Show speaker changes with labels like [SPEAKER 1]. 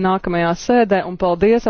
[SPEAKER 1] nākamajā sēdē un paldies!